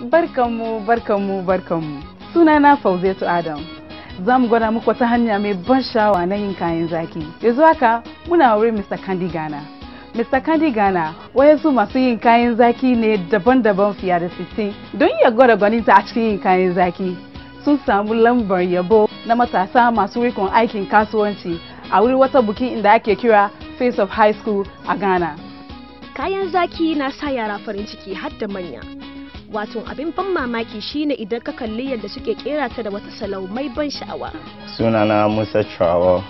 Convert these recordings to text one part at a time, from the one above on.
Barkanmu, barkanmu, barkanmu. Sunana Fauzetu Adam. Za mu gwada muku wata hanya mai ban sha'awa na yin kayan zaki. Yanzu haka muna wurin Mr. Kandi Ghana. Mr. Kandi Ghana wayansu masu yin kayan zaki ne daban-daban fiye da 60 don iya gwada gwaninta a cikin yin kayan zaki. Sun samu lambar yabo na matasa masu rikon aikin kasuwanci a wuri wata bukin inda ake kira Face of High School a Ghana. Kayan zaki na sa yara farin ciki har da manya. wato abin ban mamaki shine idan ka kalli yadda suke kera ta da wata salau mai ban sha'awa sunana musa trawa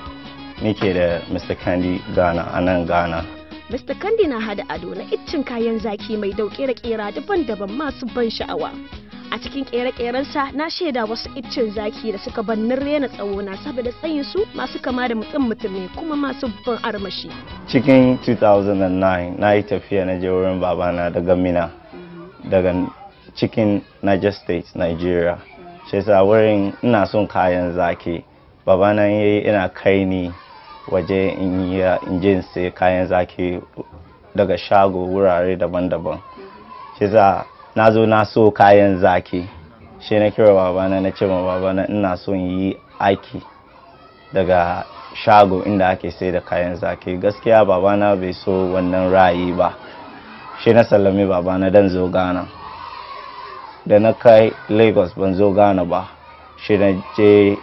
nike da mr kandi ghana a nan ghana mr kandi na hada ado na iccin kayan zaki mai dauke da kera daban-daban masu ban sha'awa a cikin kere-kerensa na shaida wasu iccin zaki da suka bannin rena tsawo na saboda tsayin su masu kama da mutum mutumi kuma masu ban armashi cikin 2009 na yi tafiya na je wurin babana daga mina daga cikin Niger State, Nigeria. Mm. Shi sa wurin ina son kayan zaki. Babana ya yi ina kai ni waje in je in sai kayan zaki daga shago wurare daban-daban. Mm-hmm. Shi sa na zo na so kayan zaki. Shi na kira babana na ce ma babana ina son yi aiki daga shago inda ake sai da kayan zaki. Gaskiya babana bai so wannan ra'ayi ba. Shi na sallami babana dan zo Ghana. da na kai lagos ban zo ghana ba shi na je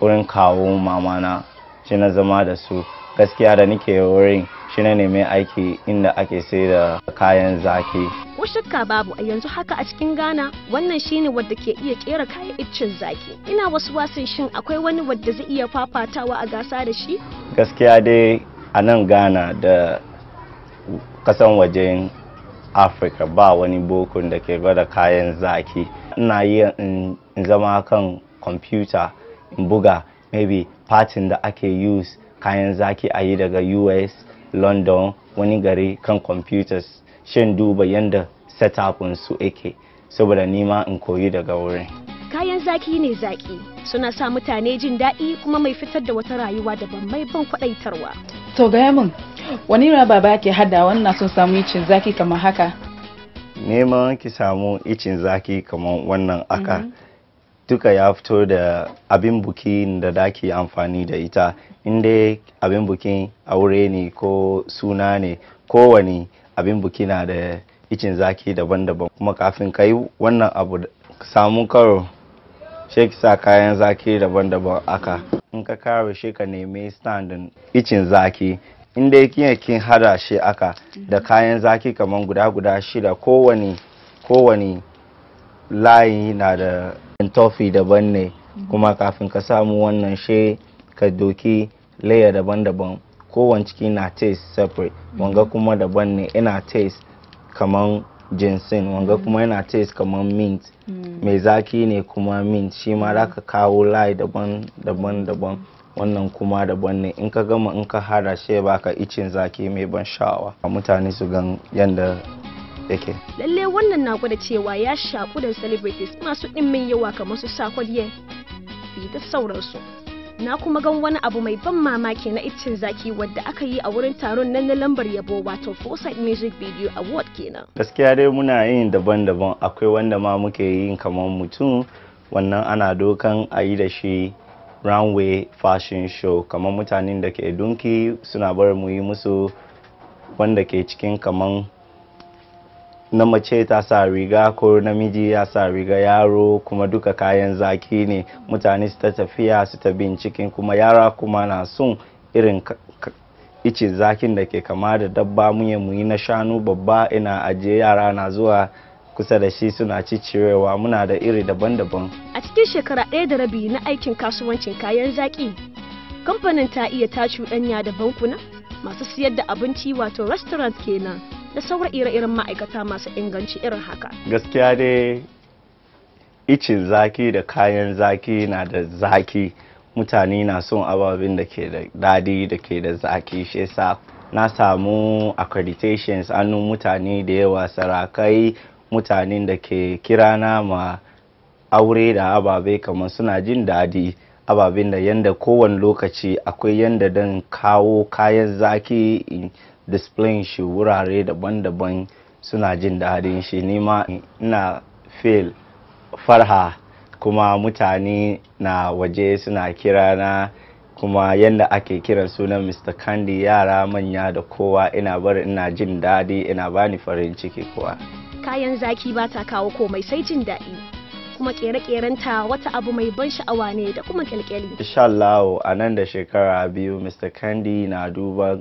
wurin kawo mamana shi na zama da su gaskiya da nike wurin shi na nemi aiki inda ake sai da kayan zaki ko shakka babu a yanzu haka a cikin ghana wannan shine wadda ke iya kera kayan iccen zaki ina wasu wasan shin akwai wani wadda zai iya fafatawa a gasa da shi gaskiya dai a nan ghana da kasan wajen afirka ba wani bokun da ke gwada kayan zaki ina yi in zama kan kwamfuta in buga maybe fatin da ake use kayan zaki a yi daga us london wani gari kan computers shin duba yadda setupin su ake saboda nima in koyi daga wurin kayan zaki ne zaki suna sa mutane jin daɗi kuma mai fitar da wata rayuwa daban mai ban kwaɗaitarwa to gaya min wani ra ba ke hada wannan sun samu icin zaki kamar haka neman ki samu icin zaki kamar wannan aka mm-hmm. duka ya fito da abin bukin da daki amfani da ita inda abin bukin aure ne ko suna ne kowane abin buki na da icin zaki daban-daban kuma kafin ka yi wannan abu samun karo sheki sa kayan zaki daban-daban aka in ka kawo shi ka nemi standin icin zaki in dai kin hada shi aka da mm-hmm. kayan zaki kamar guda guda shida kowane kowane layi na da tofi daban ne mm-hmm. kuma kafin ka samu wannan she ka doki layer daban-daban kowane ciki na taste separate mm-hmm. wanga kuma daban ne ina taste kamar jinsin wanga kuma yana taste kamar mint mai zaki ne kuma mint shi ma za ka kawo layi daban-daban wannan kuma daban ne in ka gama in ka hada shi ya baka icin zaki mai ban sha'awa a mutane su gan yanda yake lalle wannan na gwada cewa ya shaku da celebrities masu dimmin yawa kamar su sakwadiye da sauransu na kuma gan wani abu mai ban mamaki na icin zaki wadda aka yi a wurin taron nan na lambar yabo wato fosa Music Video Award kenan. Gaskiya dai muna yin daban-daban akwai wanda ma muke yi kamar mutum wannan ana dokan a yi da shi runway fashion show kamar mutanen da ke dunki suna bar mu yi musu wanda ke cikin kamar na mace ta sa riga ko namiji ya sa riga yaro kuma duka kayan zaki ne mutane su ta tafiya su ta binciken kuma yara kuma na son irin icin zakin da ke kama da dabba muye muyi na shanu babba ina ajiye yara na zuwa kusa da shi suna ci cicirewa muna da iri daban-daban a cikin shekara ɗaya da rabi na aikin kasuwancin kayan zaƙi kamfanin ta iya ta cuɗanya da bankuna masu siyar da abinci wato restaurant kenan da sauran ire-iren ma'aikata masu inganci irin haka gaskiya dai icin zaki da kayan zaki na da zaki mutane na son ababen da ke da dadi da ke da zaki shi na samu accreditations hannun mutane da yawa sarakai mutanen da ke kirana ma aure da ababe kamar suna jin daɗi ababen da yanda kowane lokaci akwai yanda don kawo kayan zaki in displayin shi wurare daban-daban suna jin daɗin shi nima ina feel farha kuma mutane na waje suna kirana kuma yanda ake kiran sunan mr kandi yara manya da kowa ina bari ina jin daɗi ina bani farin ciki kowa. kayan zaki ba ta kawo komai sai jin daɗi kuma kere-kerenta wata abu mai ban sha'awa ne da kuma kyalkyali. insha Allah a nan da shekara biyu Mr. Kandi na duba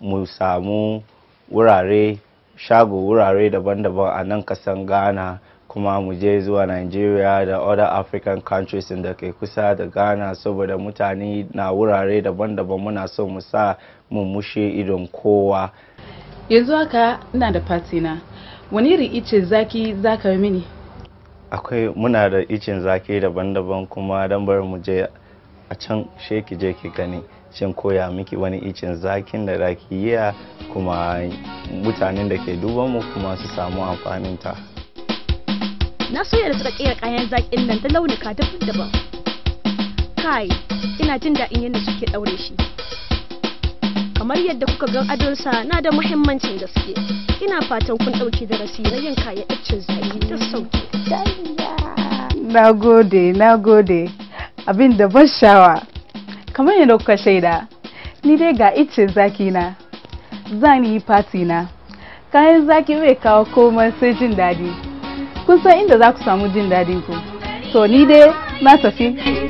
mu samu wurare shago wurare daban-daban a nan kasan Ghana kuma mu je zuwa Nigeria da other African countries da ke kusa da Ghana saboda mutane na wurare daban-daban muna so mu sa mu mushe idon kowa. Yanzu haka ina da fatina. wani irin icin zaki za zaka mini akwai muna da icin zaki daban-daban kuma don bari mu je a can sheki je ki gani shin koya miki wani icin zakin da zaki yiya kuma mutanen da ke duban mu kuma su samu amfanin ta na soya da suka kera kayan zakin nan ta launuka daban-daban kai ina jin daɗin yadda suke ɗaure shi kamar yadda kuka ga adonsa na da muhimmancin gaske ina fatan kun ɗauki darasi na yin kayan iccen zaki da sauki na gode na gode abin da ban shawa kamar yadda kuka shaida ni dai ga iccen zaki na zani yi fati na kayan zaki mai kawo komai sai jin daɗi kun san inda za ku samu jin daɗin ku to ni dai na tafi